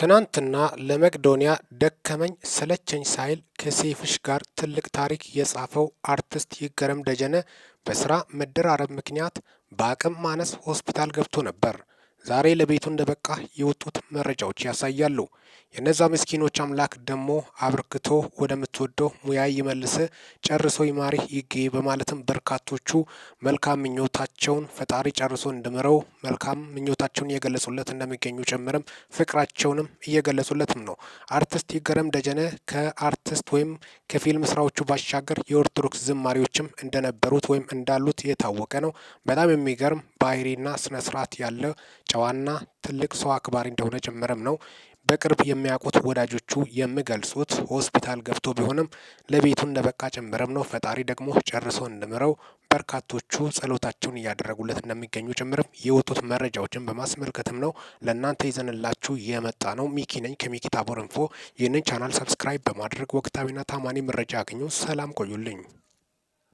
ትናንትና ለመቅዶንያ ደከመኝ ሰለቸኝ ሳይል ከሴፍሽ ጋር ትልቅ ታሪክ የጻፈው አርቲስት ይገረም ደጀነ በስራ መደራረብ ምክንያት በአቅም ማነስ ሆስፒታል ገብቶ ነበር። ዛሬ ለቤቱ እንደበቃ የወጡት መረጃዎች ያሳያሉ። የነዛ ምስኪኖች አምላክ ደግሞ አብርክቶ ወደምትወደው ሙያ ይመልስ፣ ጨርሶ ይማሪ ይገይ በማለትም በርካቶቹ መልካም ምኞታቸውን ፈጣሪ ጨርሶ እንድምረው መልካም ምኞታቸውን እየገለጹለት እንደሚገኙ ጭምርም ፍቅራቸውንም እየገለጹለትም ነው። አርቲስት ይገረም ደጀነ ከአርቲስት ወይም ከፊልም ስራዎቹ ባሻገር የኦርቶዶክስ ዝማሪዎችም እንደነበሩት ወይም እንዳሉት የታወቀ ነው። በጣም የሚገርም ባህሪና ስነ ስርዓት ያለ ጨዋና ትልቅ ሰው አክባሪ እንደሆነ ጭምርም ነው በቅርብ የሚያውቁት ወዳጆቹ የሚገልጹት። ሆስፒታል ገብቶ ቢሆንም ለቤቱ እንደበቃ ጭምርም ነው። ፈጣሪ ደግሞ ጨርሶ እንድምረው በርካቶቹ ጸሎታቸውን እያደረጉለት እንደሚገኙ ጭምርም የወጡት መረጃዎችን በማስመልከትም ነው ለእናንተ ይዘንላችሁ የመጣ ነው። ሚኪ ነኝ ከሚኪ ታቦር ኢንፎ። ይህንን ቻናል ሰብስክራይብ በማድረግ ወቅታዊና ታማኒ መረጃ ያገኙ። ሰላም ቆዩልኝ።